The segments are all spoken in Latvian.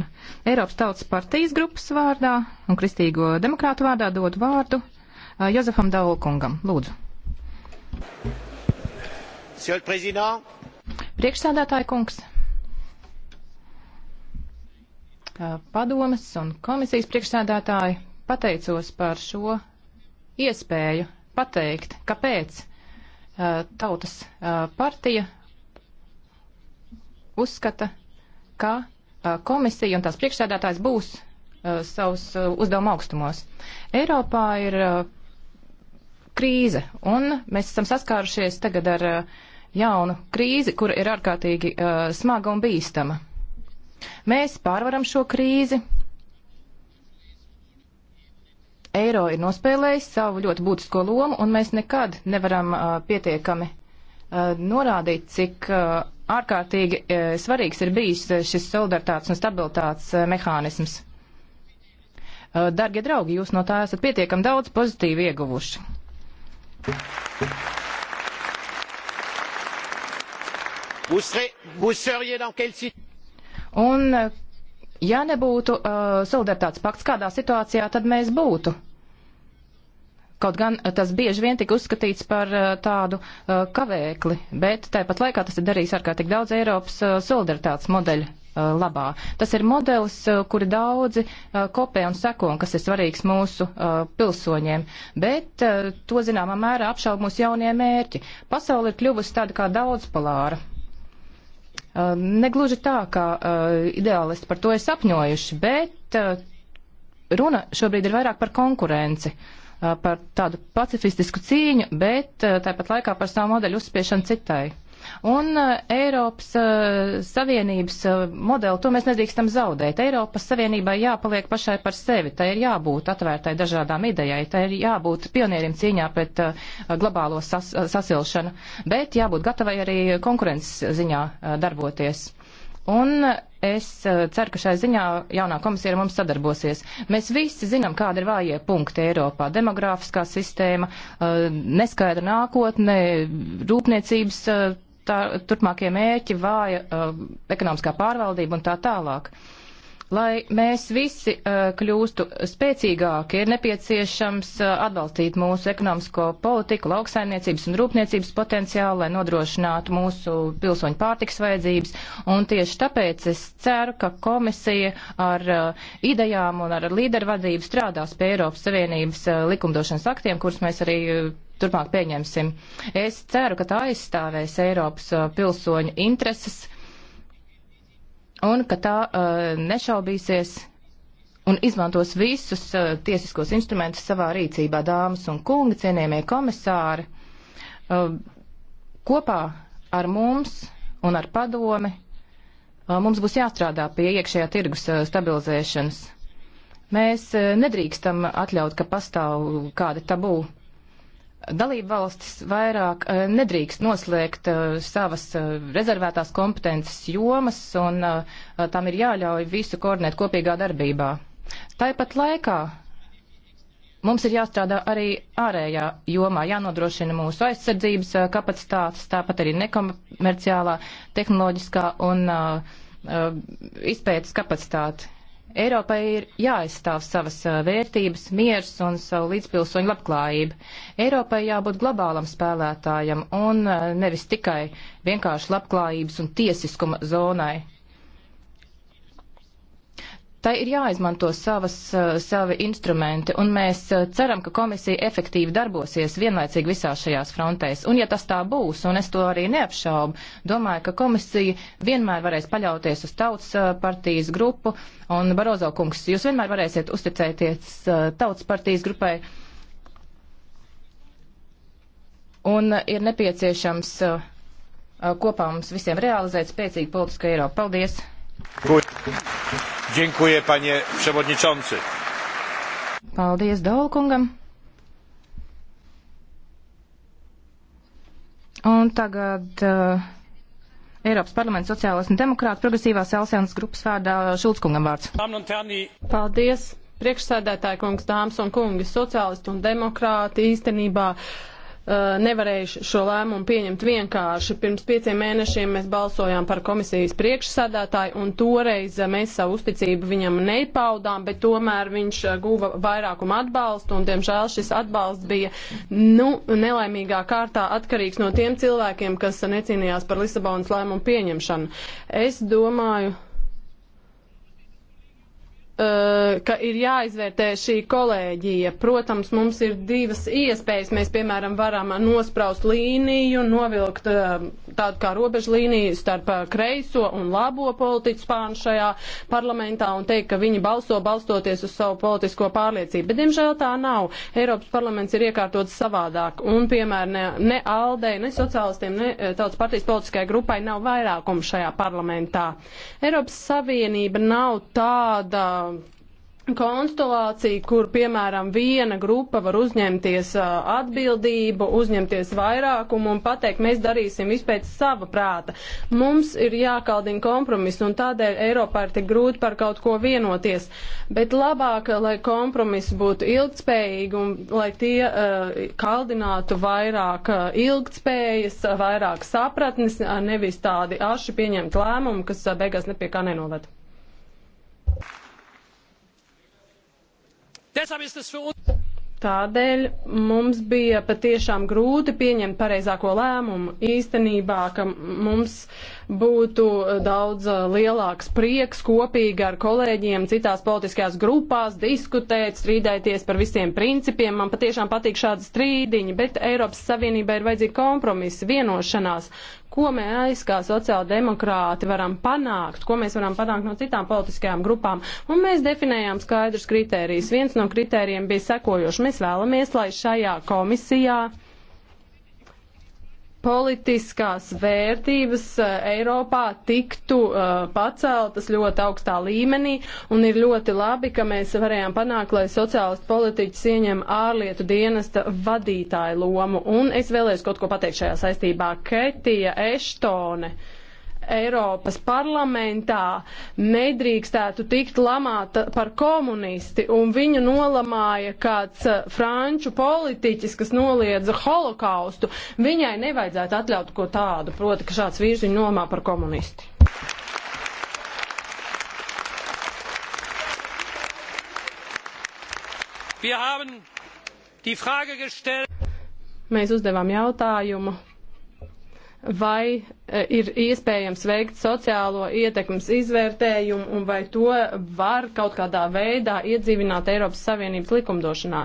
balsošana. Eiropas Tautas partijas grupas vārdā un Kristīgo demokrātu vārdā dod vārdu uh, Jozefam Daulkungam. Lūdzu. Priekšsādātāja kungs, uh, padomas un komisijas priekšsādātāji, pateicos par šo iespēju pateikt, kāpēc uh, tautas uh, partija uzskata, ka komisija un tās priekšsēdētājs būs savus uzdevuma augstumos. Eiropā ir krīze, un mēs esam saskārušies tagad ar jaunu krīzi, kura ir ārkārtīgi smaga un bīstama. Mēs pārvaram šo krīzi. Eiro ir nospēlējis savu ļoti būtisko lomu, un mēs nekad nevaram pietiekami norādīt, cik ārkārtīgi e, svarīgs ir bijis e, šis solidaritātes un stabilitātes e, mehānisms. Dargie draugi, jūs no tā esat pietiekami daudz pozitīvi ieguvuši. Vous serez, vous seriez dans quelle situation? Un, ja nebūtu uh, solidaritātes pakts, kādā situācijā tad mēs būtu? Kaut gan eh, tas bieži vien tika uzskatīts par eh, tādu eh, kavēkli, bet tāpat laikā tas ir darījis ārkārtīgi daudz Eiropas solidaritātes modeļu labā. Tas ir modelis, kuri daudzi kopē un seko, un kas ir svarīgs mūsu pilsoņiem, bet to zināmā mērā apšaub mūsu jaunie mērķi. Pasaule ir kļuvusi tāda kā daudzpolāra. Negluži tā, kā ideālisti par to ir sapņojuši, bet runa šobrīd ir vairāk par konkurenci. Uh, par tādu pacifistisku cīņu, bet tāpat laikā par savu modeļu uzspiešanu citai. Un Eiropas Savienības modeli, to mēs nedrīkstam zaudēt. Eiropas Savienībai jāpaliek pašai par sevi, tai ir jābūt atvērtai dažādām idejai, tai ir jābūt pionierim cīņā pret globālo sas sasilšanu, bet jābūt gatavai arī konkurences ziņā darboties. Un es eh, ceru, ka šai ziņā jaunā komisija ar mums sadarbosies. Mēs visi zinām, kāda ir vājie punkti Eiropā - demogrāfiskā sistēma, eh, neskaidra nākotne, rūpniecības eh, tā, turpmākie mērķi, vāja ekonomiskā pārvaldība un tā tālāk. Uh, Lai mēs visi uh, kļūstu spēcīgāki, ir nepieciešams uh, atbalstīt mūsu ekonomisko politiku, lauksaimniecības un rūpniecības potenciālu, lai nodrošinātu mūsu pilsoņu pārtiks vajadzības. Un tieši tāpēc es ceru, ka komisija ar uh, idejām un ar līdervadību strādās pie Eiropas Savienības uh, likumdošanas aktiem, kurus mēs arī. Uh, Turpmāk pieņemsim. Es ceru, ka tā aizstāvēs Eiropas uh, pilsoņu intereses un ka tā eh, nešaubīsies un izmantos visus eh, tiesiskos instrumentus savā rīcībā, dāmas un kungi, cienījamie komisāri, eh, kopā ar mums un ar padomi mums būs jāstrādā pie iekšējā tirgus stabilizēšanas. Mēs nedrīkstam atļaut, ka pastāv kādi tabū dalība valstis vairāk eh, nedrīkst noslēgt eh, savas eh, rezervētās kompetences jomas, un tam ir jāļauj visu koordinēt kopīgā darbībā. Tāpat laikā mums ir jāstrādā arī ārējā jomā, jānodrošina mūsu aizsardzības kapacitātes, tāpat arī nekomerciālā, tehnoloģiskā un izpētes kapacitāte. Eiropai ir jāaizstāv savas vērtības, miers un savu līdzpilsoņu labklājību. Eiropai jābūt globālam spēlētājam un nevis tikai vienkārši labklājības un tiesiskuma zonai tai ir jāizmanto savas, eh, savi instrumenti, un mēs eh, ceram, ka komisija efektīvi darbosies vienlaicīgi visās šajās frontēs. Un ja tas tā būs, un es to arī neapšaubu, domāju, ka komisija vienmēr varēs paļauties uz tautas eh, partijas grupu, un Barozo kungs, jūs vienmēr varēsiet uzticēties tautas partijas grupai. Un ir nepieciešams kopā mums visiem realizēt spēcīgu politisku Eiropu. Paldies! Dziękuję, panie przewodniczący. Paldies Daulkungam. Un tagad uh, Eiropas parlamenta sociālās un demokrāta progresīvās Elsēnas grupas vārdā Šulckungam vārds. Paldies, priekšsēdētāji kungs, dāmas un kungi, sociālisti un demokrāti īstenībā. Uh, Eh, nevarējuši šo lēmumu pieņemt vienkārši. Pirms pieciem mēnešiem mēs balsojām par komisijas priekšsādātāju, un toreiz eh, mēs savu uzticību viņam nepaudām, bet tomēr viņš eh, guva vairākumu atbalstu, un, diemžēl, šis atbalsts bija nu, nelaimīgā kārtā atkarīgs no tiem cilvēkiem, kas necīnījās par Lisabonas lēmumu pieņemšanu. Es domāju, Eh, ka ir jāizvērtē šī kolēģija. Protams, mums ir divas iespējas. Mēs, piemēram, varam nospraust līniju, novilkt eh, tādu kā robežu līniju starp eh, kreiso un labo politiķu spānu šajā parlamentā un teikt, ka viņi balso balstoties uz savu politisko pārliecību. Bet, diemžēl, tā nav. Eiropas parlaments ir iekārtots savādāk. Un, piemēram, ne, ne Aldei, ne sociālistiem, ne tautas partijas politiskajai grupai nav vairākumu šajā parlamentā. Eiropas Savienība nav tāda uh, konstelācija, kur, piemēram, viena grupa var uzņemties uh, atbildību, uzņemties vairākumu un pateikt, mēs darīsim vispēc sava prāta. Mums ir jākaldina kompromis, un tādēļ Eiropā ir tik grūti par kaut ko vienoties. Bet labāk, lai kompromis būtu ilgtspējīgi un lai tie uh, kaldinātu vairāk uh, ilgtspējas, vairāk sapratnes, nevis tādi aši pieņemt lēmumu, kas beigās nepie kā nenovada. Deshalb ist es für uns. Tādēļ mums bija patiešām grūti pieņemt pareizāko lēmumu. Īstenībā, ka mums būtu daudz uh, lielāks prieks kopīgi ar kolēģiem citās politiskajās grupās diskutēt, strīdēties par visiem principiem. Man patiešām patīk šādi strīdiņi, bet Eiropas Savienībai ir vajadzīgi kompromisi, vienošanās ko mēs kā sociāldemokrāti varam panākt, ko mēs varam panākt no citām politiskajām grupām. Un mēs definējām skaidrus kritērijus. Viens no kritērijiem bija sekojošs. Mēs vēlamies, lai šajā komisijā politiskās vērtības eh, Eiropā tiktu uh, paceltas ļoti augstā līmenī, un ir ļoti labi, ka mēs varējām panākt, lai sociālistu politiķis ieņem ārlietu dienesta vadītāju lomu. Un es vēlējos kaut ko pateikt šajā saistībā. Ketija Eštone. Uh, Eiropas parlamentā nedrīkstētu tikt lamāta par komunisti, un viņu nolamāja kāds eh, franču politiķis, kas noliedza holokaustu. Viņai nevajadzētu atļaut ko tādu, proti, ka šāds vīrs viņu nomā par komunisti. Wir haben die Frage gestellt. Mēs uzdevām jautājumu, vai E, ir iespējams veikt sociālo ietekmes izvērtējumu un vai to var kaut kādā veidā iedzīvināt Eiropas Savienības likumdošanā.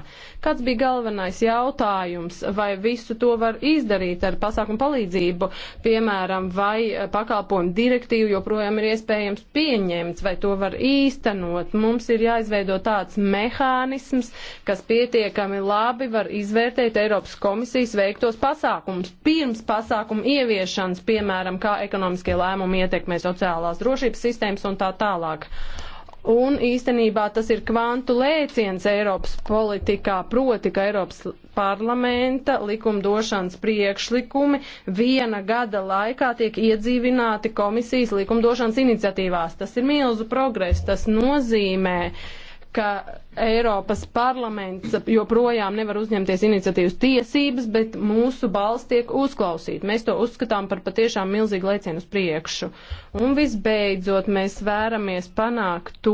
Kāds bija galvenais jautājums, vai visu to var izdarīt ar pasākumu palīdzību, piemēram, vai pakalpojumu direktīvu joprojām ir iespējams pieņemt, vai to var īstenot. Mums ir jāizveido tāds mehānisms, kas pietiekami labi var izvērtēt Eiropas komisijas veiktos pasākumus pirms pasākumu ieviešanas, piemēram, piemēram, kā ekonomiskie lēmumi ietekmē sociālās drošības sistēmas un tā tālāk. Un īstenībā tas ir kvantu lēciens Eiropas politikā, proti, ka Eiropas parlamenta likumdošanas priekšlikumi viena gada laikā tiek iedzīvināti komisijas likumdošanas iniciatīvās. Tas ir milzu progress, tas nozīmē, ka Eiropas parlaments joprojām nevar uzņemties iniciatīvas tiesības, bet mūsu balss tiek uzklausīta. Mēs to uzskatām par patiešām milzīgu lecienu uz priekšu. Un visbeidzot, mēs vēramies panākt to,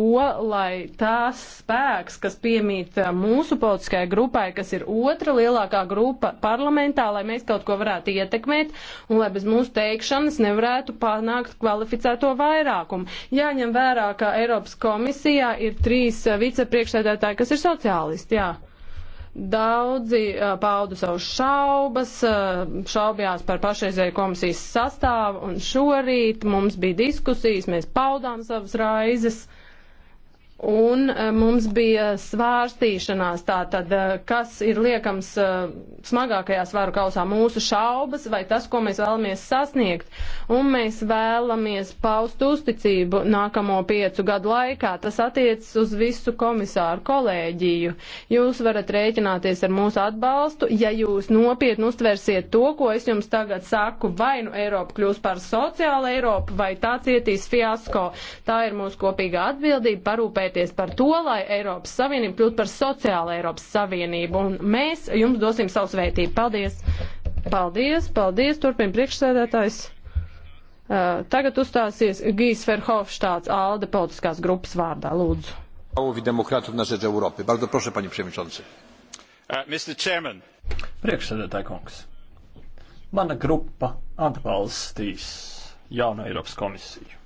lai tās spēks, kas piemīt mūsu politiskajai grupai, kas ir otra lielākā grupa parlamentā, lai mēs kaut ko varētu ietekmēt un lai bez mūsu teikšanas nevarētu panākt kvalificēto vairākumu. Jāņem vērā, ka Eiropas komisijā ir trīs vicepriekšsēdētāji priekšsēdētāji, kas ir sociālisti, jā. Daudzi uh, pauda savus šaubas, uh, šaubjās par pašreizēju komisijas sastāvu, un šorīt mums bija diskusijas, mēs paudām savas raizes. Uh, un eh, mums bija svārstīšanās, tātad, eh, kas ir liekams eh, smagākajā svaru kausā mūsu šaubas vai tas, ko mēs vēlamies sasniegt, un mēs vēlamies paust uzticību nākamo piecu gadu laikā. Tas attiecas uz visu komisāru kolēģiju. Jūs varat rēķināties ar mūsu atbalstu, ja jūs nopietni uztversiet to, ko es jums tagad saku, vai nu Eiropa kļūs par sociālu Eiropu, vai tā cietīs fiasko. Tā ir mūsu kopīga atbildība parūpēt rūpēties par to, lai Eiropas Savienība kļūtu par sociālu Eiropas Savienību. Un mēs jums dosim savu svētību. Paldies! Paldies, paldies, turpina priekšsēdētājs. Uh, tagad uzstāsies Gijs Ferhofštāts ALDE politiskās grupas vārdā. Lūdzu. Bardzo proszę, panie przewodniczący. Uh, Priekšsēdētāj kungs. Mana grupa atbalstīs jauno Eiropas komisiju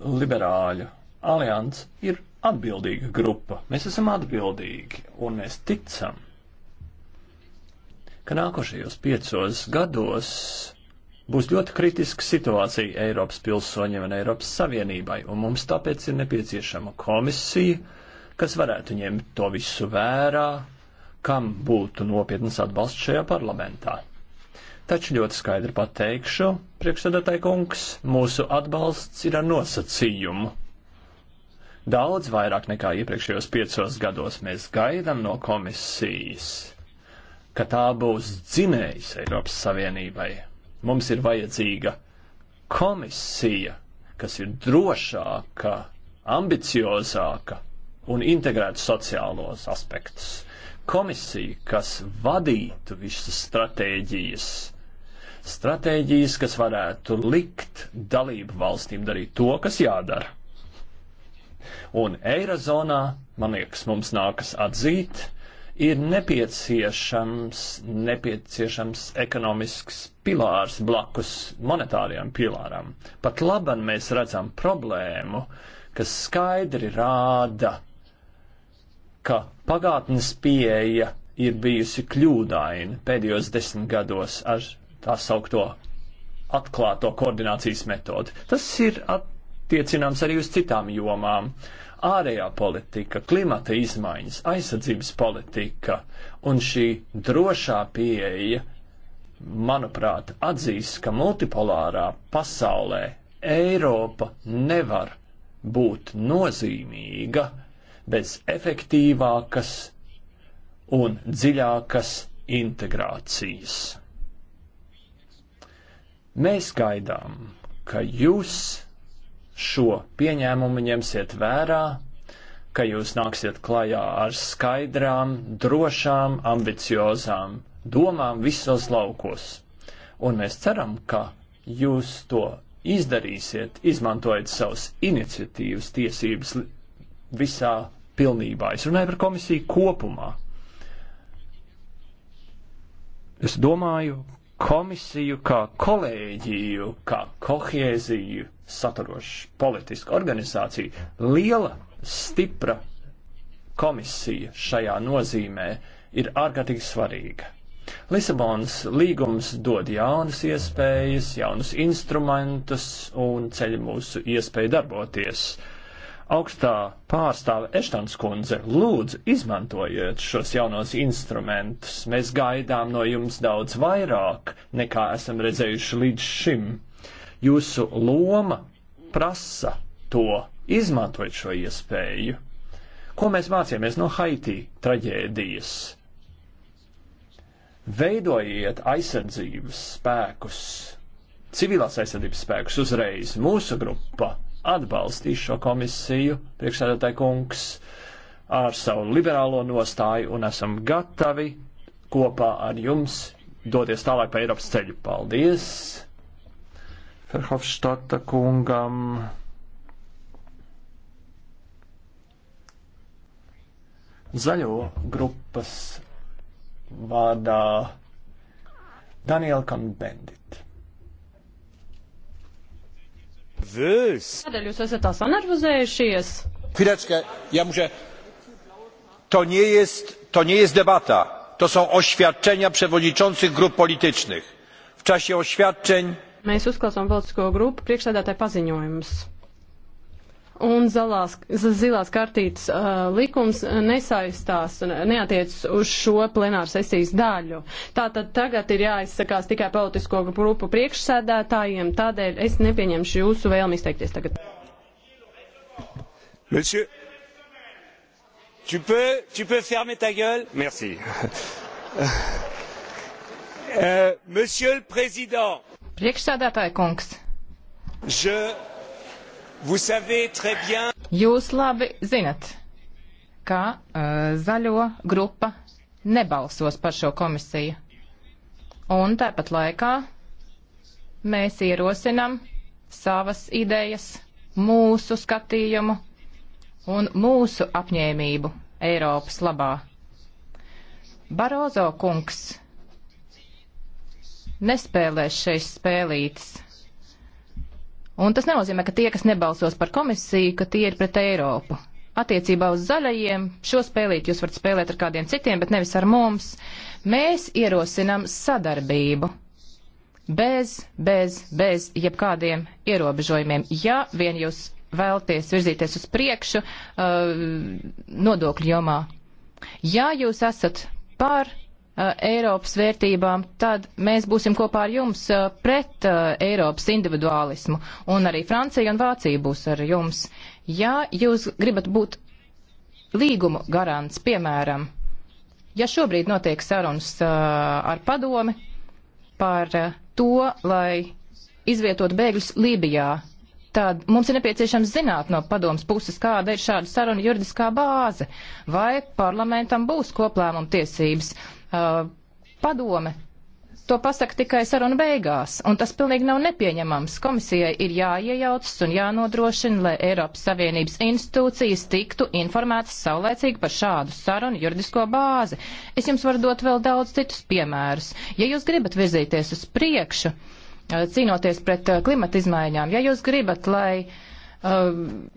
liberāļu alians ir atbildīga grupa. Mēs esam atbildīgi un mēs ticam, ka nākošajos piecos gados būs ļoti kritiska situācija Eiropas pilsoņiem un Eiropas Savienībai, un mums tāpēc ir nepieciešama komisija, kas varētu ņemt to visu vērā, kam būtu nopietnas atbalsts šajā parlamentā. Taču ļoti skaidri pateikšu, priekšsēdētāji kungs, mūsu atbalsts ir ar nosacījumu. Daudz vairāk nekā iepriekšējos piecos gados mēs gaidām no komisijas, ka tā būs dzinējs Eiropas Savienībai. Mums ir vajadzīga komisija, kas ir drošāka, ambiciozāka un integrētu sociālos aspektus. Komisija, kas vadītu visas stratēģijas, stratēģijas, kas varētu likt dalību valstīm darīt to, kas jādara. Un Eirozonā, man liekas, mums nākas atzīt, ir nepieciešams, nepieciešams ekonomisks pilārs blakus monetārajam pilāram. Pat labam mēs redzam problēmu, kas skaidri rāda, ka pagātnes pieeja ir bijusi kļūdaina pēdējos desmit gados ar tā saukto atklāto koordinācijas metodi. Tas ir attiecināms arī uz citām jomām. Ārējā politika, klimata izmaiņas, aizsardzības politika un šī drošā pieeja, manuprāt, atzīst, ka multipolārā pasaulē Eiropa nevar būt nozīmīga bez efektīvākas un dziļākas integrācijas. Mēs gaidām, ka jūs šo pieņēmumu ņemsiet vērā, ka jūs nāksiet klajā ar skaidrām, drošām, ambiciozām domām visos laukos. Un mēs ceram, ka jūs to izdarīsiet, izmantojot savas iniciatīvas tiesības visā pilnībā. Es runāju par komisiju kopumā. Es domāju, komisiju kā kolēģiju, kā kohēziju saturošu politisku organizāciju. Liela, stipra komisija šajā nozīmē ir ārkārtīgi svarīga. Lisabonas līgums dod jaunas iespējas, jaunus instrumentus un ceļ mūsu iespēju darboties. Uh, augstā pārstāve Eštans kundze, lūdzu, izmantojiet šos jaunos instrumentus. Mēs gaidām no jums daudz vairāk, nekā esam redzējuši līdz šim. Jūsu loma prasa to, izmantojot šo iespēju. Ko mēs mācījāmies no Haiti traģēdijas? Veidojiet aizsardzības spēkus, civilās aizsardzības spēkus uzreiz. Mūsu grupa atbalstīs šo komisiju, priekšsēdētāji kungs, ar savu liberālo nostāju un esam gatavi kopā ar jums doties tālāk pa Eiropas ceļu. Paldies! Ferhofštata kungam. Zaļo grupas vārdā Daniela Kanbendit. nervös. Kādēļ jūs esat tā sanervozējušies? Chwileczkę, ja muszę. To nie jest, to nie jest debata. To są oświadczenia przewodniczących grup politycznych. W czasie oświadczeń. Mēs uzklausām politisko grupu priekšsēdētāju paziņojumus un zalās, zilās kartītes uh, likums nesaistās, neatiecas uz šo plenāru sesijas daļu. Tātad tagad ir jāizsakās tikai politisko grupu priekšsēdētājiem, tādēļ es nepieņemšu jūsu vēlmi izteikties tagad. Monsieur, tu peux, tu peux fermer ta gueule? Merci. uh, monsieur le Président. Priekšsēdētāja kungs. Je Jūs labi zinat, ka uh, zaļo grupa nebalsos par šo komisiju. Un tāpat laikā mēs ierosinam savas idejas, mūsu skatījumu un mūsu apņēmību Eiropas labā. Barozo kungs nespēlēs šeit spēlītas. Un tas nenozīmē, ka tie, kas nebalsos par komisiju, ka tie ir pret Eiropu. Attiecībā uz zaļajiem šo spēlīt jūs varat spēlēt ar kādiem citiem, bet nevis ar mums. Mēs ierosinam sadarbību. Bez, bez, bez jebkādiem ierobežojumiem. Ja vien jūs vēlties virzīties uz priekšu uh, nodokļu jomā. Ja jūs esat par Uh, Eiropas vērtībām, tad mēs būsim kopā ar jums uh, pret uh, Eiropas individuālismu. Un arī Francija un Vācija būs ar jums. Ja jūs gribat būt līgumu garants, piemēram, ja šobrīd notiek sarunas ar padomi par to, lai izvietot bēgļus Lībijā, tad mums ir nepieciešams zināt no padomas puses, kāda ir šāda saruna juridiskā bāze, vai parlamentam būs koplēmuma tiesības. Uh, padome to pasaka tikai saruna beigās, un tas pilnīgi nav nepieņemams. Komisijai ir jāiejaucas un jānodrošina, lai Eiropas Savienības institūcijas tiktu informētas saulēcīgi par šādu sarunu juridisko bāzi. Es jums varu dot vēl daudz citus piemērus. Ja jūs gribat virzīties uz priekšu, uh, cīnoties pret uh, klimata izmaiņām, ja jūs gribat, lai. Uh,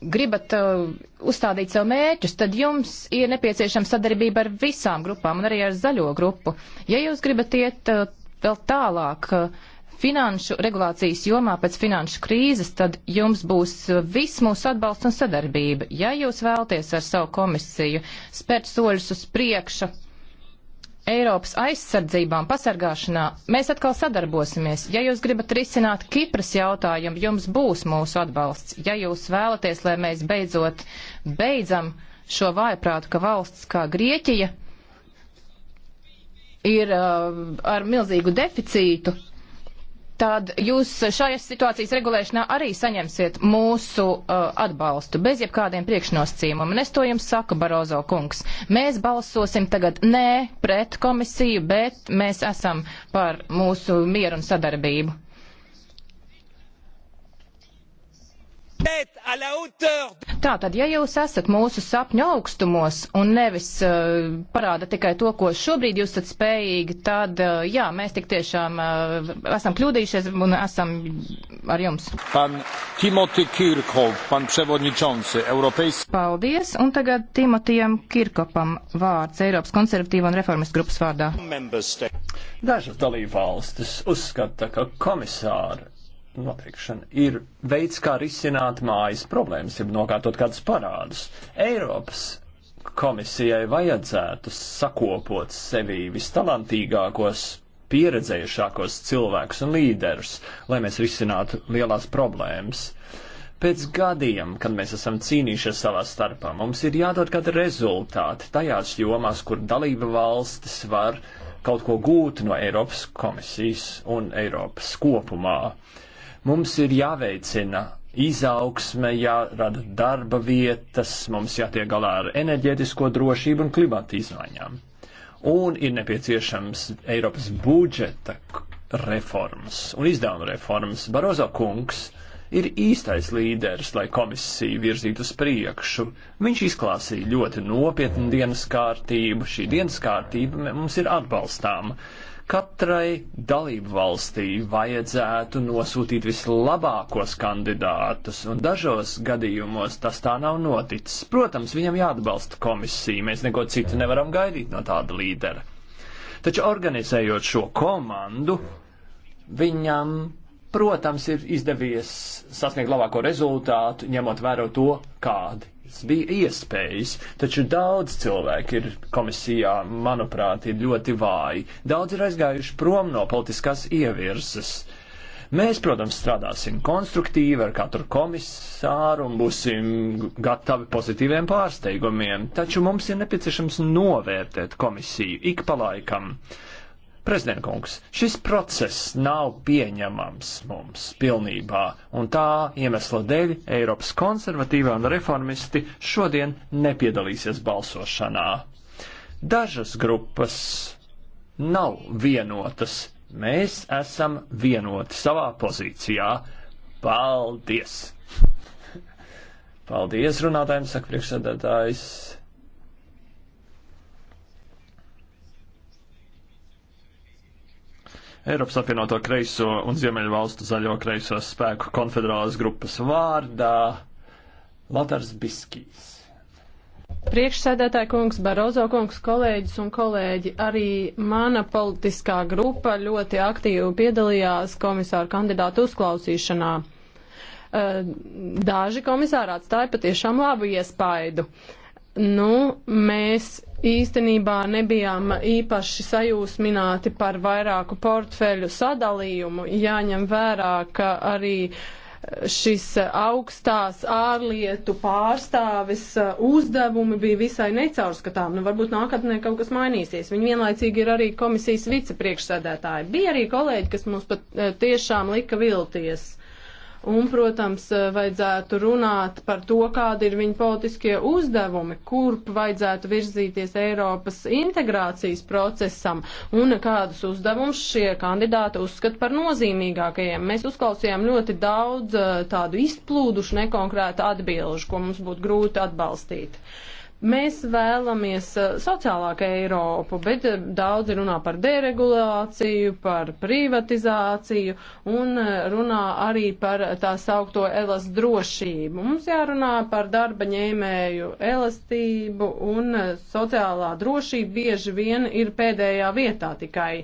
gribat uh, uzstādīt sev mērķus, tad jums ir nepieciešama sadarbība ar visām grupām un arī ar zaļo grupu. Ja jūs gribat iet uh, vēl tālāk uh, finanšu regulācijas jomā pēc finanšu krīzes, tad jums būs uh, viss mūsu atbalsts un sadarbība. Ja jūs vēlties ar savu komisiju spērt soļus uz priekšu, Eiropas aizsardzībām, pasargāšanā, mēs atkal sadarbosimies. Ja jūs gribat risināt Kipras jautājumu, jums būs mūsu atbalsts. Ja jūs vēlaties, lai mēs beidzot beidzam šo vājprātu, ka valsts kā Grieķija ir uh, ar milzīgu deficītu, tad jūs šajās situācijas regulēšanā arī saņemsiet mūsu uh, atbalstu bez jebkādiem priekšnosacījumiem. Un es to jums saku, Barozo kungs. Mēs balsosim tagad nē pret komisiju, bet mēs esam par mūsu mieru un sadarbību. Bet à la hauteur Tātad, ja jūs esat mūsu sapņu augstumos un nevis uh, parāda tikai to, ko šobrīd jūs esat spējīgi, tad uh, jā, mēs tik tiešām uh, esam kļūdījušies un esam ar jums. Pan Timoti Kirkov, pan Prevodničonsi, Eiropais. Paldies, un tagad Timotijam Kirkopam vārds Eiropas konservatīva un reformas grupas vārdā. Dažas dalībvalstis uzskata, ka komisāri noteikšana ir veids, kā risināt mājas problēmas, ja nokārtot kādus parādus. Eiropas komisijai vajadzētu sakopot sevī vistalantīgākos, pieredzējušākos cilvēkus un līderus, lai mēs risinātu lielās problēmas. Pēc gadiem, kad mēs esam cīnījušies savā starpā, mums ir jādod kādi rezultāti tajās jomās, kur dalība valstis var kaut ko gūt no Eiropas komisijas un Eiropas kopumā. Uh, Mums ir jāveicina izaugsme, jārada darba vietas, mums jātiek galā ar enerģētisko drošību un klimata izmaiņām. Un ir nepieciešams Eiropas budžeta reformas un izdevuma reformas. Barozo kungs ir īstais līderis, lai komisiju virzītu uz priekšu. Viņš izklāsīja ļoti nopietnu dienas kārtību. Šī dienas kārtība mums ir atbalstāma. Katrai dalību valstī vajadzētu nosūtīt vislabākos kandidātus, un dažos gadījumos tas tā nav noticis. Protams, viņam jāatbalsta komisija, mēs neko citu nevaram gaidīt no tāda līdera. Taču organizējot šo komandu, viņam, protams, ir izdevies sasniegt labāko rezultātu, ņemot vērā to, kādi bija iespējas, taču daudz cilvēku ir komisijā, manuprāt, ir ļoti vāji. Daudz ir aizgājuši prom no politiskās ievirzes. Mēs, protams, strādāsim konstruktīvi ar katru komisāru un būsim gatavi pozitīviem pārsteigumiem, taču mums ir nepieciešams novērtēt komisiju ik pa laikam. Uh, Prezidentkungs, šis process nav pieņemams mums pilnībā, un tā iemesla dēļ Eiropas konservatīvā un reformisti šodien nepiedalīsies balsošanā. Dažas grupas nav vienotas, mēs esam vienoti savā pozīcijā. Paldies! Paldies runātājiem, saka priekšsēdētājs. Eiropas apvienoto kreiso un Ziemeļu valstu zaļo kreiso spēku konfederālas grupas vārdā Latars Biskijs. Priekšsēdētāja kungs, Barozo kungs, kolēģis un kolēģi, arī mana politiskā grupa ļoti aktīvi piedalījās komisāru kandidātu uzklausīšanā. Eh, daži komisāri atstāja patiešām labu iespaidu. Uh, nu, mēs īstenībā nebijām īpaši sajūsmināti par vairāku portfeļu sadalījumu. Jāņem vērā, ka arī šis augstās ārlietu pārstāvis uzdevumi bija visai necaurskatām. Nu, varbūt nākotnē kaut kas mainīsies. Viņa vienlaicīgi ir arī komisijas vicepriekšsēdētāja. Bija arī kolēģi, kas mums pat eh, tiešām lika vilties. Un, protams, eh, vajadzētu runāt par to, kādi ir viņa politiskie uzdevumi, kurp vajadzētu virzīties Eiropas integrācijas procesam un kādus uzdevumus šie kandidāti uzskata par nozīmīgākajiem. Mēs uzklausījām ļoti daudz eh, tādu izplūdušu nekonkrētu atbilžu, ko mums būtu grūti atbalstīt. Uh, Mēs vēlamies eh, sociālāku Eiropu, bet eh, daudzi runā par deregulāciju, par privatizāciju un eh, runā arī par tā saukto elas drošību. Mums jārunā par darba ņēmēju elastību un sociālā drošība bieži vien ir pēdējā vietā tikai.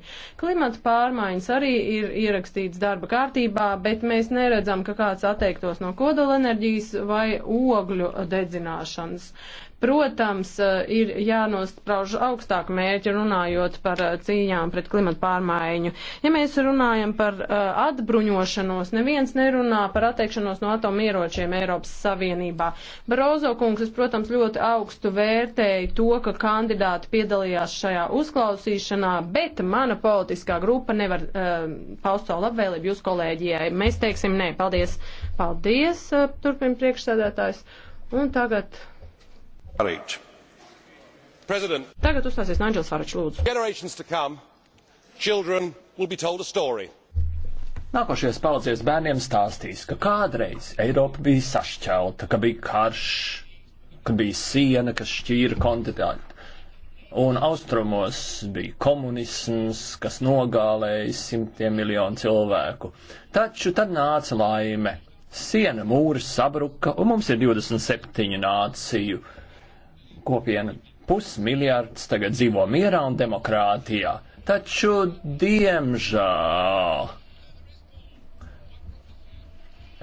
Klimata pārmaiņas arī ir ierakstīts darba kārtībā, bet mēs neredzam, ka kāds atteiktos no kodolenerģijas vai ogļu dedzināšanas. Protams, e, ir jānosprauž augstāk mērķi runājot par e, cīņām pret klimatu pārmaiņu. Ja mēs runājam par e, atbruņošanos, neviens nerunā par atteikšanos no atomieročiem Eiropas Savienībā. Barozo kungs, es, protams, ļoti augstu vērtēju to, ka kandidāti piedalījās šajā uzklausīšanā, bet mana politiskā grupa nevar uh, paust savu labvēlību jūsu kolēģijai. Mēs teiksim, nē, paldies, paldies, uh, turpin priekšsēdētājs. Un tagad President. Tagad uzstāsies Nigels Faračs, lūdzu. Nākošais paudzies bērniem stāstīs, ka kādreiz Eiropa bija sašķelta, ka bija karš, ka bija siena, kas šķīra kontinentu. Un austrumos bija komunisms, kas nogālēja simtiem miljonu cilvēku. Taču tad nāca laime. Siena mūris sabruka, un mums ir 27 nāciju kopiena pusmiljards tagad dzīvo mierā un demokrātijā. Taču, diemžēl,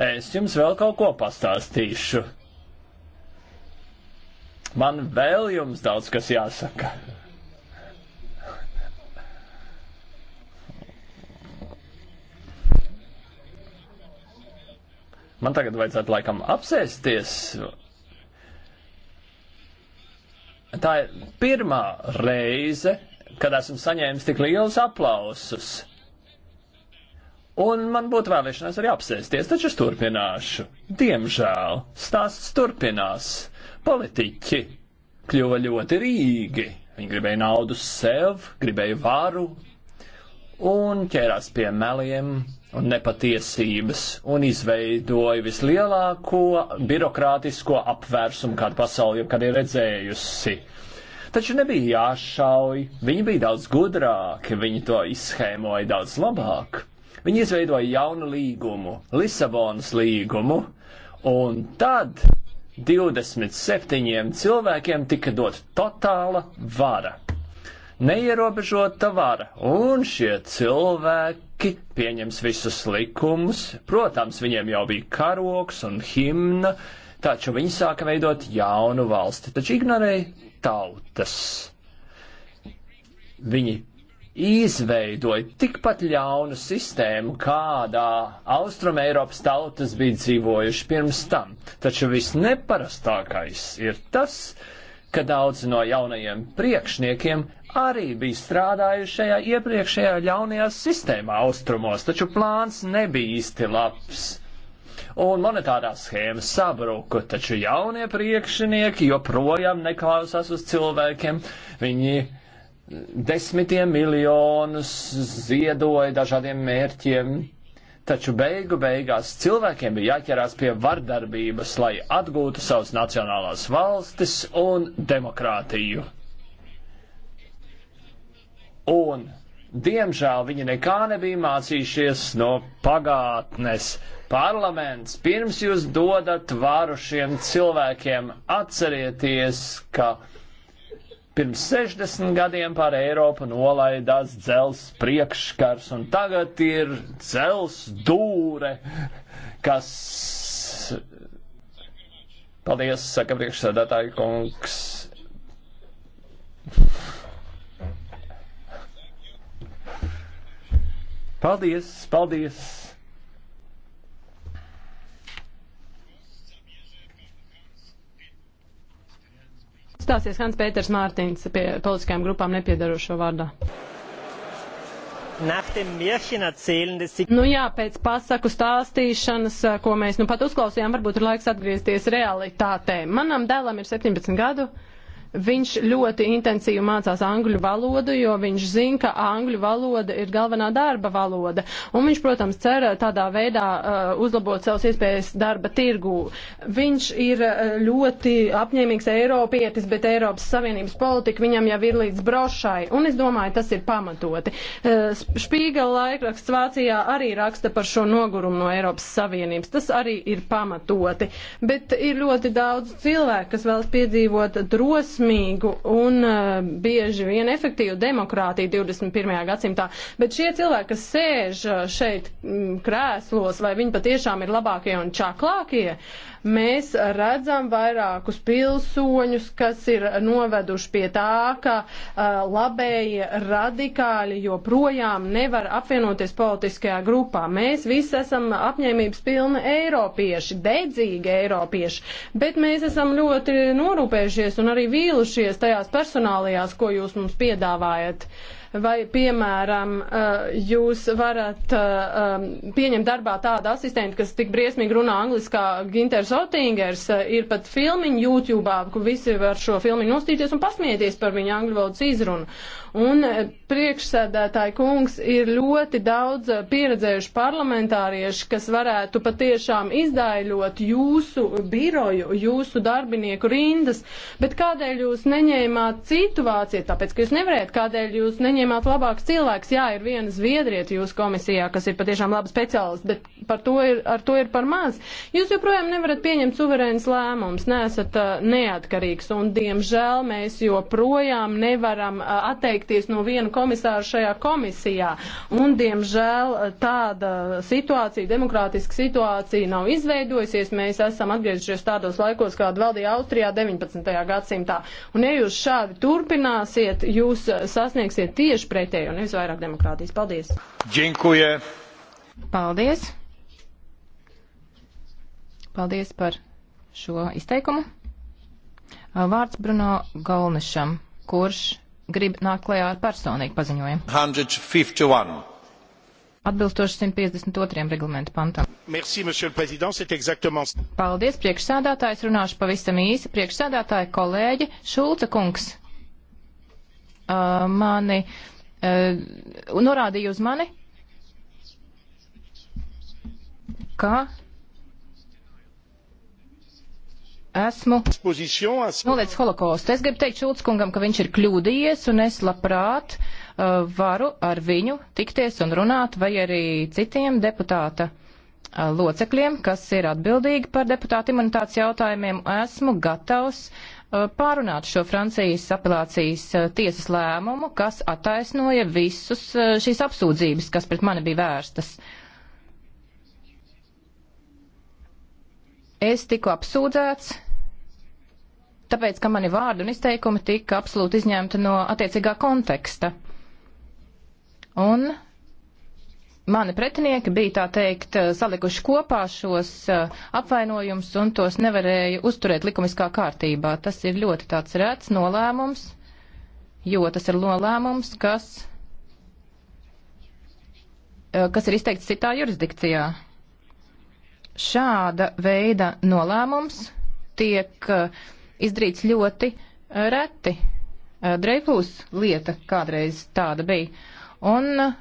es jums vēl kaut ko pastāstīšu. Man vēl jums daudz kas jāsaka. Man tagad vajadzētu laikam apsēsties tā ir pirmā reize, kad esmu saņēmis tik lielus aplausus. Un man būtu vēlēšanās arī apsēsties, taču es turpināšu. Diemžēl stāsts turpinās. Politiķi kļuva ļoti rīgi. Viņi gribēja naudu sev, gribēja varu un ķērās pie meliem, un nepatiesības un izveidoja vislielāko birokrātisko apvērsumu, kādu pasauli jebkad ir redzējusi. Taču nebija jāšauj, viņi bija daudz gudrāki, viņi to izschēmoja daudz labāk. Viņi izveidoja jaunu līgumu, Lisabonas līgumu, un tad 27 cilvēkiem tika dot totāla vara neierobežota vara, un šie cilvēki pieņems visus likumus. Protams, viņiem jau bija karoks un himna, taču viņi sāka veidot jaunu valsti, taču ignorēja tautas. Viņi izveidoja tikpat ļaunu sistēmu, kādā Austrum Eiropas tautas bija dzīvojuši pirms tam. Taču visneparastākais ir tas, ka daudzi no jaunajiem priekšniekiem arī bija strādājuši šajā iepriekšējā ļaunajā sistēmā austrumos, taču plāns nebija īsti labs. Un monetārā schēma sabruka, taču jaunie priekšnieki joprojām neklausās uz cilvēkiem. Viņi desmitiem miljonus ziedoja dažādiem mērķiem, taču beigu beigās cilvēkiem bija jāķerās pie vardarbības, lai atgūtu savas nacionālās valstis un demokrātiju. Un, diemžēl, viņi nekā nebija mācījušies no pagātnes. Parlaments, pirms jūs dodat varu šiem cilvēkiem, atcerieties, ka pirms 60 gadiem par Eiropu nolaidās dzels priekškars, un tagad ir dzels dūre, kas Paldies, saka priekšsēdētāji kungs. Paldies, paldies! Stāsies Hans Pēters Mārtiņš pie politiskajām grupām nepiedarošo vārdā. Nu jā, pēc pasaku stāstīšanas, ko mēs nu pat uzklausījām, varbūt ir laiks atgriezties realitātē. Manam dēlam ir 17 gadu. Viņš ļoti intensīvi mācās angļu valodu, jo viņš zina, ka angļu valoda ir galvenā darba valoda. Un viņš, protams, cer tādā veidā uh, uzlabot savus iespējas darba tirgū. Viņš ir uh, ļoti apņēmīgs Eiropietis, bet Eiropas Savienības politika viņam jau ir līdz brošai. Un es domāju, tas ir pamatoti. Uh, Špīga laikraksts Vācijā arī raksta par šo nogurumu no Eiropas Savienības. Tas arī ir pamatoti. Bet ir ļoti daudz cilvēku, kas vēlas piedzīvot drosmi veiksmīgu un uh, bieži vien efektīvu demokrātiju 21. gadsimtā, bet šie cilvēki, kas sēž eh, šeit mm, krēslos, vai viņi patiešām ir labākie un čaklākie, mēs redzam vairākus pilsoņus, kas ir noveduši pie tā, ka uh, eh, labējie radikāļi joprojām nevar apvienoties politiskajā grupā. Mēs visi esam apņēmības pilni eiropieši, dedzīgi eiropieši, bet mēs esam ļoti norūpējušies un arī vīli vīlušies tajās personālajās, ko jūs mums piedāvājat. Uh, vai, piemēram, eh, jūs varat eh, um, pieņemt darbā tādu asistentu, kas tik briesmīgi runā angliski kā Ginters Otingers, eh, ir pat filmiņu YouTube, kur visi var šo filmu nostīties un pasmieties par viņu angļu valodas izrunu. Un priekšsēdētāji kungs ir ļoti daudz pieredzējuši parlamentārieši, kas varētu patiešām izdaiļot jūsu biroju, jūsu darbinieku rindas, bet kādēļ jūs neņēmāt citu vācietu, tāpēc, ka jūs nevarējat, kādēļ jūs neņēmāt pieņemāt labāks cilvēks. Jā, ir viena zviedrieta jūsu komisijā, kas ir patiešām laba speciālists, bet par to ir, ar to ir par maz. Jūs joprojām nevarat pieņemt suverēnas lēmumus, neesat uh, neatkarīgs, un diemžēl mēs joprojām nevaram uh, atteikties no viena komisāra šajā komisijā. Un, diemžēl, uh, tāda situācija, demokrātiska situācija nav izveidojusies. Mēs esam atgriezušies tādos laikos, kāda valdīja Austrijā 19. gadsimtā. Un, ja jūs šādi turpināsiet, jūs uh, sasniegsiet tieši tieši pretējo, nevis vairāk demokrātijas. Paldies! Džinkuje! Paldies! Paldies par šo izteikumu. Vārds Bruno Galnešam, kurš grib nākt klajā ar personīgu paziņojumu. 151. Atbilstoši 152. reglamentu pantam. Merci, exactement... Paldies, priekšsādātājs, runāšu pavisam īsi. Priekšsādātāja kolēģi Šulca kungs uh, mani, uh, norādīja uz mani, ka esmu noliec holokaustu. Es gribu teikt Šulckungam, ka viņš ir kļūdījies, un es labprāt uh, varu ar viņu tikties un runāt, vai arī citiem deputāta uh, locekļiem, kas ir atbildīgi par deputāta imunitātes jautājumiem. Esmu gatavs Uh, pārunāt šo Francijas apelācijas uh, tiesas lēmumu, kas attaisnoja visus uh, šīs apsūdzības, kas pret mani bija vērstas. Es tiku apsūdzēts, tāpēc, ka mani vārdi un izteikumi tika absolūti izņemti no attiecīgā konteksta. Un mani pretinieki bija tā teikt eh, salikuši kopā šos eh, apvainojumus un tos nevarēja uzturēt likumiskā kārtībā. Tas ir ļoti tāds rēts nolēmums, jo tas ir nolēmums, kas, eh, kas ir izteikts citā jurisdikcijā. Šāda veida nolēmums tiek izdarīts ļoti reti. Dreifūs lieta kādreiz tāda bija. Un uh,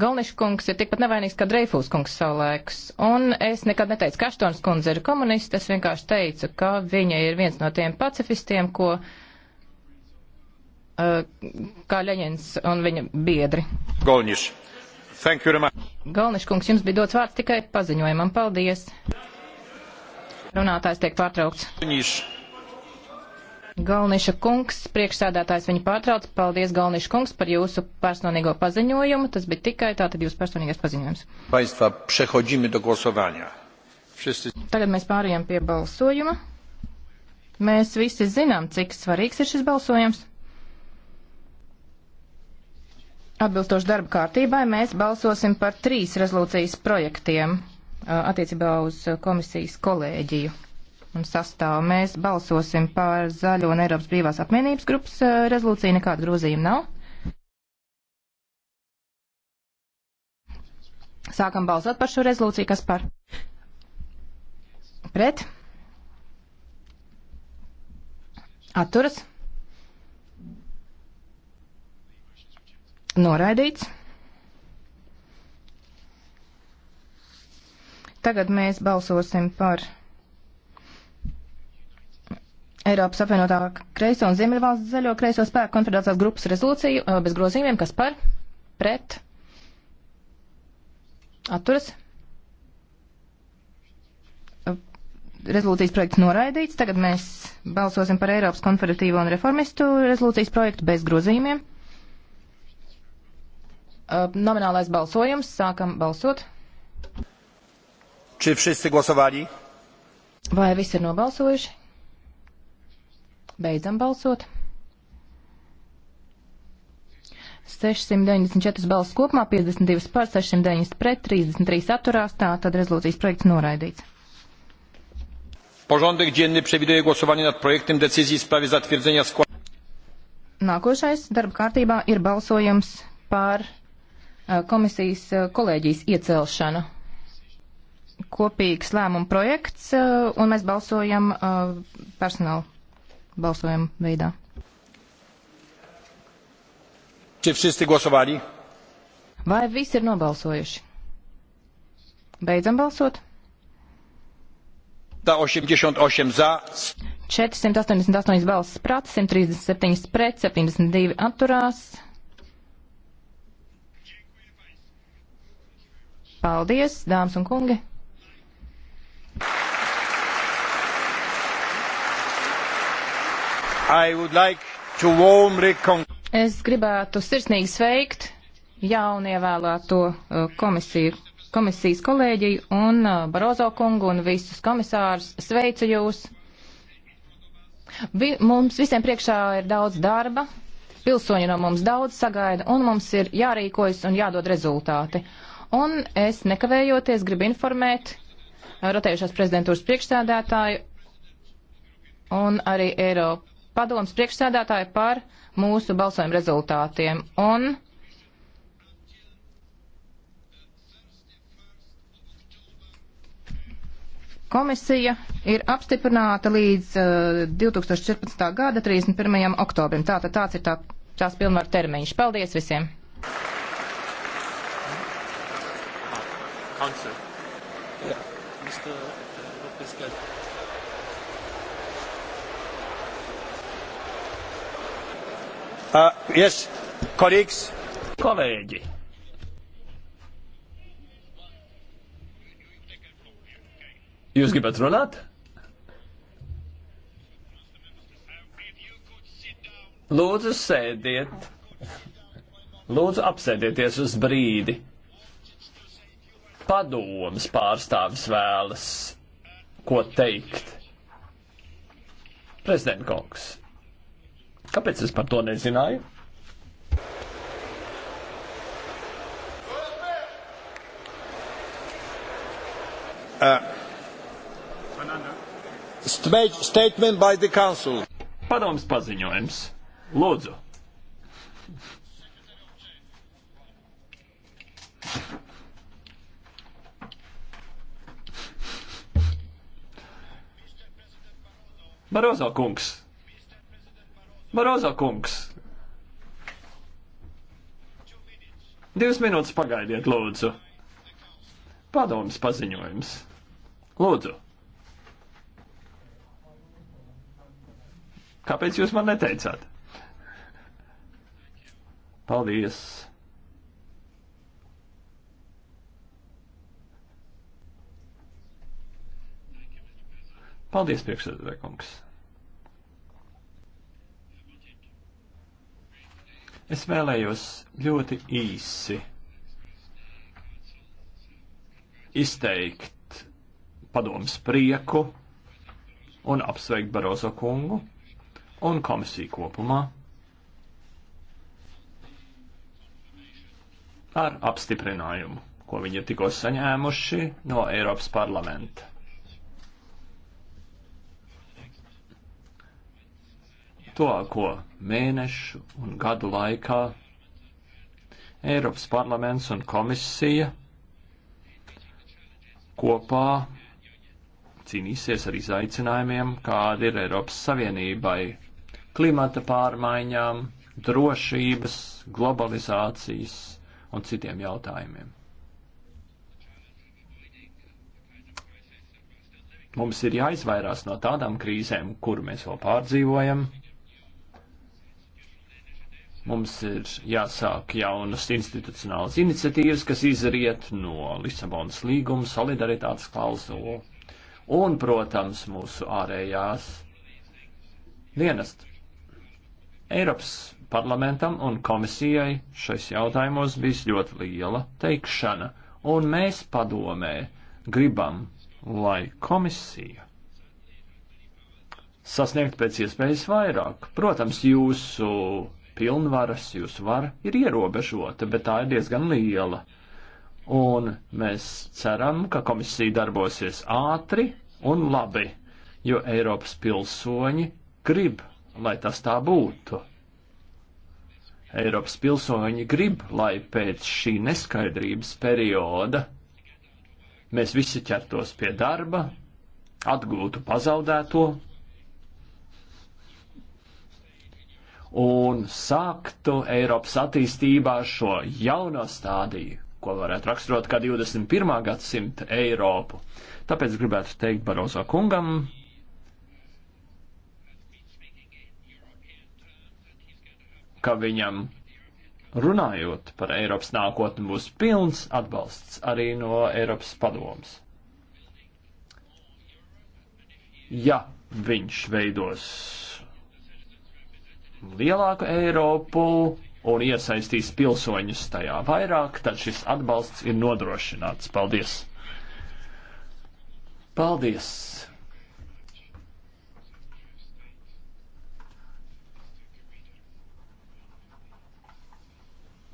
Galnišs kungs ir tikpat nevainīgs kā Dreifūs kungs savulaikus. Un es nekad neteicu, ka Aštons kundze ir komunists, es vienkārši teicu, ka viņa ir viens no tiem pacifistiem, ko eh, kā Ļeņins un viņa biedri. Golnišs. Galnišs kungs, jums bija dots vārds tikai paziņojumam. Paldies! Runātājs tiek pārtraukts. Golnišs. Galniša kungs, priekšsēdētājs viņu pārtrauc. Paldies, Galniša kungs, par jūsu personīgo paziņojumu. Tas bija tikai tātad jūsu personīgais paziņojums. Paistvā, prehodžimi do głosowania. Šis... Tagad mēs pārējām pie balsojuma. Mēs visi zinām, cik svarīgs ir šis balsojums. Atbilstoši darba kārtībai mēs balsosim par trīs rezolūcijas projektiem attiecībā uz komisijas kolēģiju un sastāvu. Mēs balsosim par zaļo un Eiropas brīvās apmienības grupas eh, rezolūciju, nekāda grozījuma nav. Sākam balsot par šo rezolūciju, kas par? Pret? Atturas? Noraidīts? Tagad mēs balsosim par Eiropas apvienotā kreiso un Ziemeļvalsts zaļo kreiso spēku konfederācijas grupas rezolūciju eh, bez grozījumiem, kas par, pret, atturas. Eh, rezolūcijas projekts noraidīts. Tagad mēs balsosim par Eiropas konfederatīvo un reformistu rezolūcijas projektu bez grozījumiem. Eh, nominālais balsojums. Sākam balsot. Vai visi ir nobalsojuši? Beidzam balsot. 694 balss kopumā, 52 par, 690 pret, 33 atturās, tā tad rezolūcijas projekts noraidīts. Porządek dzienny przewiduje głosowanie nad projektem decyzji w sprawie zatwierdzenia składu. Nākošais darba kārtībā ir balsojums par e, komisijas e, kolēģijas iecelšanu. Kopīgs lēmuma projekts, e, un mēs balsojam personālu balsojuma veidā. Vai visi ir nobalsojuši? Beidzam balsot. 488 za. 488 balss prat, 137 pret, 72 atturās. Paldies, dāmas un kungi! Like es gribētu sirsnīgi sveikt jaunievēlēto uh, komisiju, komisijas kolēģiju un uh, Barozo kungu un visus komisārus. Sveicu jūs! Vi, mums visiem priekšā ir daudz darba, pilsoņi no mums daudz sagaida un mums ir jārīkojas un jādod rezultāti. Un es nekavējoties gribu informēt uh, rotējušās prezidentūras priekšstādētāju un arī Eiropas padomas priekšsēdētāju par mūsu balsojuma rezultātiem. Un Komisija ir apstiprināta līdz uh, 2014. gada 31. oktobrim. Tātad tāds ir tā, tās pilnvaru termiņš. Paldies visiem! Council. Yeah. Mr. Uh, Lopez Uh, yes, colleagues. Kolēģi. Jūs gribat runāt? Lūdzu, sēdiet. Lūdzu, apsēdieties uz brīdi. Padomas pārstāvis vēlas ko teikt. Prezidentkungs. Kāpēc es par to nezināju? Uh, statement by the Council. Padoms paziņojums. Lūdzu. Barozo kungs, Barozo kungs! Divas minūtes pagaidiet, lūdzu. Padoms paziņojums. Lūdzu. Kāpēc jūs man neteicāt? Paldies. Paldies, priekšsēdētāj, kungs. Es vēlējos ļoti īsi izteikt padomus prieku un apsveikt Barozo kungu un komisiju kopumā ar apstiprinājumu, ko viņi ir tikko saņēmuši no Eiropas parlamenta. Tuvāko mēnešu un gadu laikā Eiropas parlaments un komisija kopā cīnīsies ar izaicinājumiem, kāda ir Eiropas Savienībai - klimata pārmaiņām, drošības, globalizācijas un citiem jautājumiem. Mums ir jāizvairās no tādām krīzēm, kur mēs vēl pārdzīvojam, Mums ir jāsāk jaunas institucionālas iniciatīvas, kas izriet no Lisabonas līguma solidaritātes klauzulu un, protams, mūsu ārējās dienest. Eiropas parlamentam un komisijai šais jautājumos bijis ļoti liela teikšana, un mēs padomē gribam, lai komisija sasniegt pēc iespējas vairāk. Protams, jūsu pilnvaras, jūs var ir ierobežota, bet tā ir diezgan liela. Un mēs ceram, ka komisija darbosies ātri un labi, jo Eiropas pilsoņi grib, lai tas tā būtu. Eiropas pilsoņi grib, lai pēc šī neskaidrības perioda mēs visi ķertos pie darba, atgūtu pazaudēto un sāktu Eiropas attīstībā šo jauno stādiju, ko varētu raksturot kā 21. gadsimta Eiropu. Tāpēc gribētu teikt Barozo kungam. ka viņam runājot par Eiropas nākotni būs pilns atbalsts arī no Eiropas padomas. Ja viņš veidos lielāku Eiropu un iesaistīs pilsoņus tajā vairāk, tad šis atbalsts ir nodrošināts. Paldies! Paldies!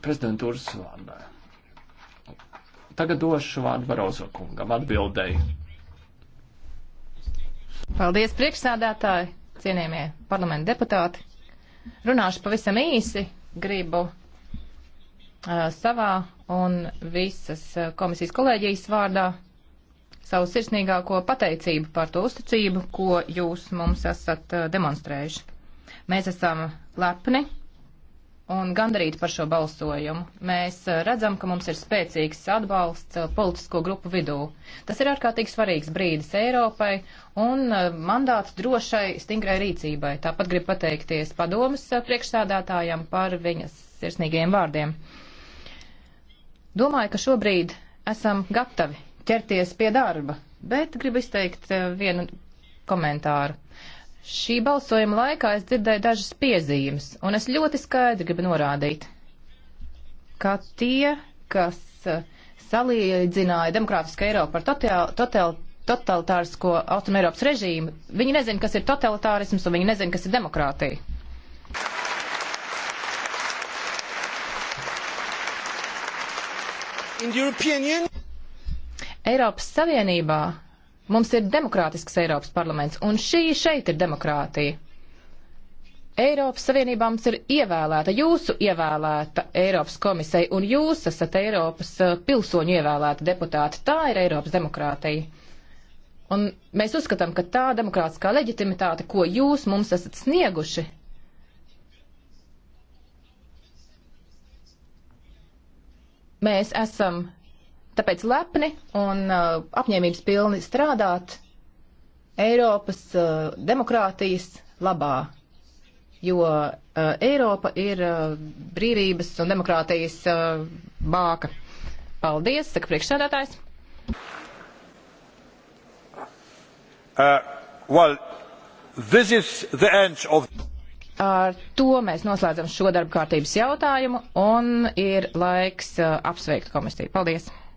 prezidentūras vārdā. Tagad došu vārdu Barozo kungam atbildēji. Paldies priekšsādātāji, cienījamie parlamenta deputāti. Runāšu pavisam īsi, gribu uh, savā un visas komisijas kolēģijas vārdā savu sirsnīgāko pateicību par to uzticību, ko jūs mums esat demonstrējuši. Mēs esam lepni un gandarīti par šo balsojumu. Mēs eh, redzam, ka mums ir spēcīgs atbalsts eh, politisko grupu vidū. Tas ir ārkārtīgi svarīgs brīdis Eiropai un eh, mandāts drošai, stingrai rīcībai. Tāpat gribu pateikties padomas priekšsādātājam par viņas sirsnīgiem vārdiem. Domāju, ka šobrīd esam gatavi ķerties pie darba, bet gribu izteikt vienu komentāru. Šī balsojuma laikā es dzirdēju dažas piezīmes, un es ļoti skaidri gribu norādīt, ka tie, kas eh, salīdzināja demokrātisku Eiropu ar total, total, totalitārisko Austrum Eiropas režīmu, viņi nezina, kas ir totalitārisms, un viņi nezina, kas ir demokrātija. Eiropas Savienībā Mums ir demokrātisks Eiropas parlaments, un šī šeit ir demokrātija. Eiropas Savienībā mums ir ievēlēta, jūsu ievēlēta Eiropas komisija, un jūs esat Eiropas eh, pilsoņu ievēlēta deputāti. Tā ir Eiropas demokrātija. Un mēs uzskatām, ka tā demokrātiskā leģitimitāte, ko jūs mums esat snieguši, mēs esam Tāpēc lepni un uh, apņēmības pilni strādāt Eiropas uh, demokrātijas labā, jo uh, Eiropa ir uh, brīvības un demokrātijas uh, bāka. Paldies, saka priekšsēdētājs. Uh, well, this is the end of. Ar to mēs noslēdzam šo darba kārtības jautājumu un ir laiks uh, apsveikt komisiju. Paldies!